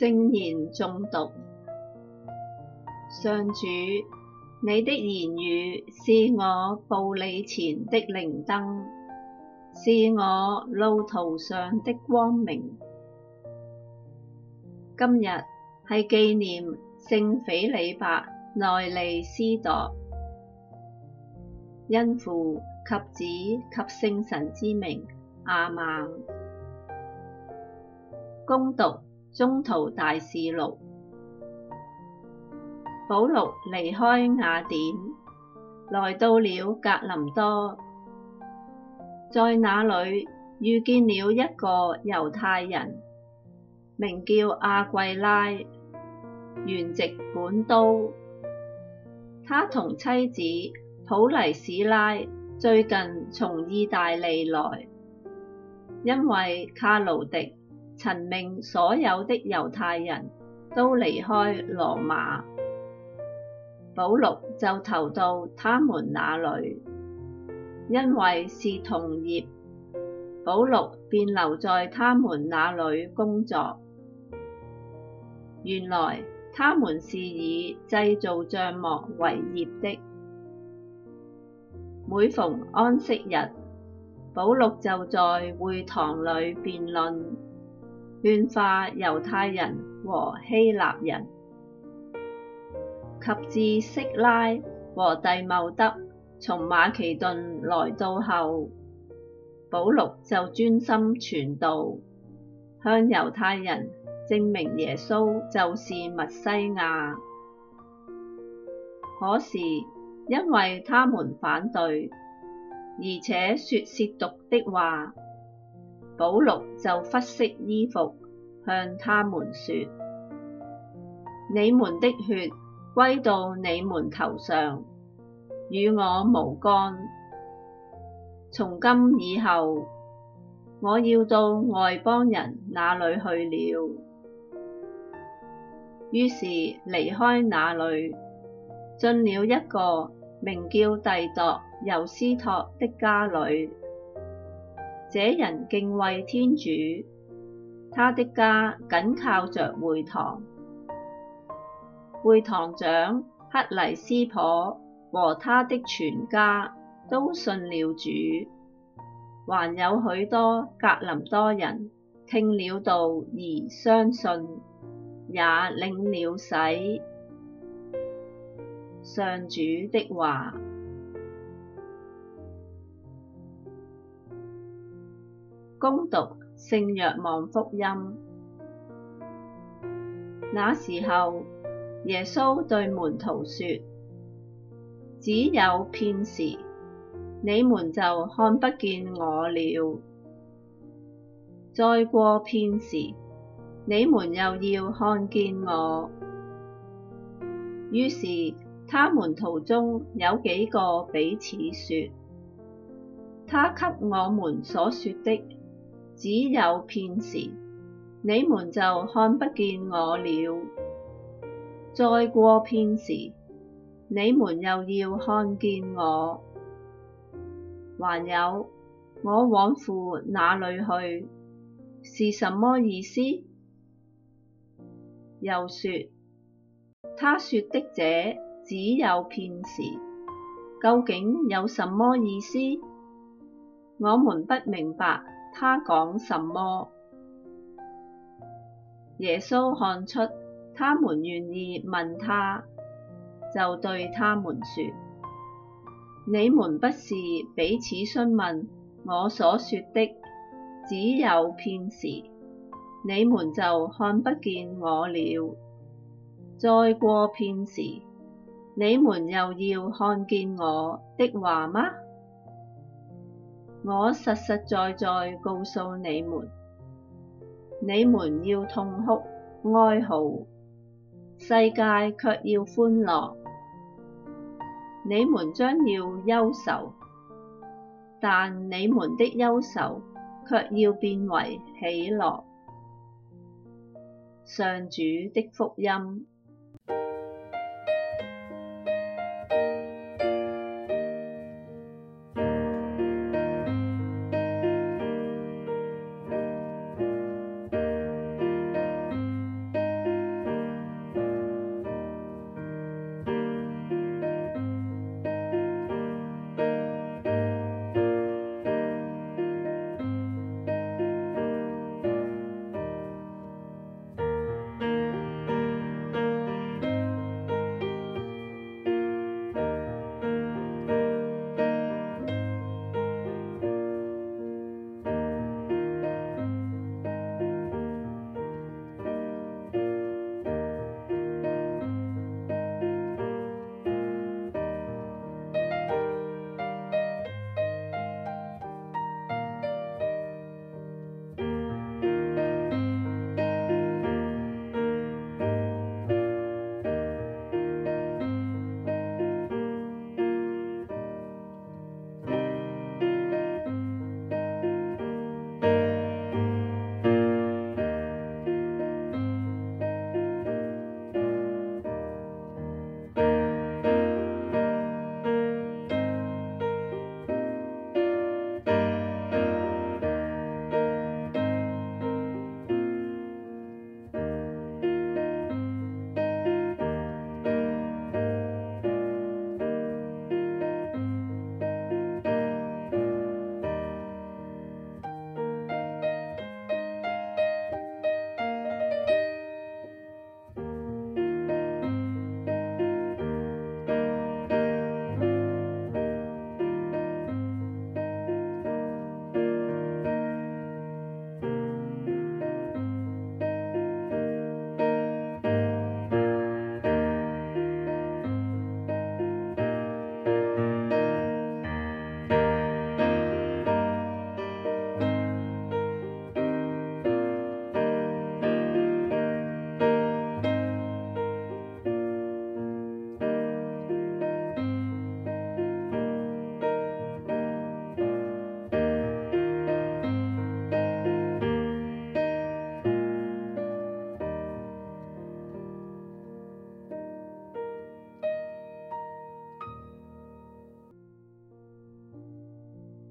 聖言誦讀。上主，你的言語是我步履前的靈燈，是我路途上的光明。今日係紀念聖斐理伯內利司鐸，因父及子及聖神之名阿曼，恭讀。宗徒大事錄，保祿離開雅典，來到了格林多，在那裏遇見了一個猶太人，名叫阿桂拉，原籍本都，他同妻子普黎史拉最近從意大利來，因為喀勞狄。曾命所有的猶太人都離開羅馬，保祿就投到他們那裡，因為是同業，保祿便留在他們那裡工作。原來他們是以製造帳幕為業的。每逢安息日，保祿就在會堂裡辯論。勸化猶太人和希臘人。及至息拉和弟茂德從馬其頓來到後，保祿就專心傳道，向猶太人證明耶穌就是默西亞。可是，因為他們反對，而且說褻瀆的話。保祿就拂拭衣服，向他們說：你們的血歸到你們頭上，與我無干。從今以後，我要到外邦人那裏去了。於是離開那裏，進了一個名叫弟鐸猶斯托的家裏。這人敬畏天主，他的家緊靠着會堂。會堂長克黎斯頗和他的全家都信了主，還有許多格林多人聽了道而相信，也領了洗。上主的話。恭讀聖若望福音。那時候，耶穌對門徒說：只有片時，你們就看不見我了；再過片時，你們又要看見我。於是，他門徒中有幾個彼此說：他給我們所說的。只有片時，你們就看不見我了；再過片時，你們又要看見我。還有，我往父那裏去，是什麼意思？又說，他說的這只有片時，究竟有什麼意思？我們不明白，他講什麼，耶穌看出他們願意問他，就對他們說：你們不是彼此詢問我所說的只有片時，你們就看不見我了。再過片時，你們又要看見我的話嗎？我實實在在告訴你們，你們要痛哭、哀號，世界卻要歡樂。你們將要憂愁，但你們的憂愁卻要變為喜樂。上主的福音。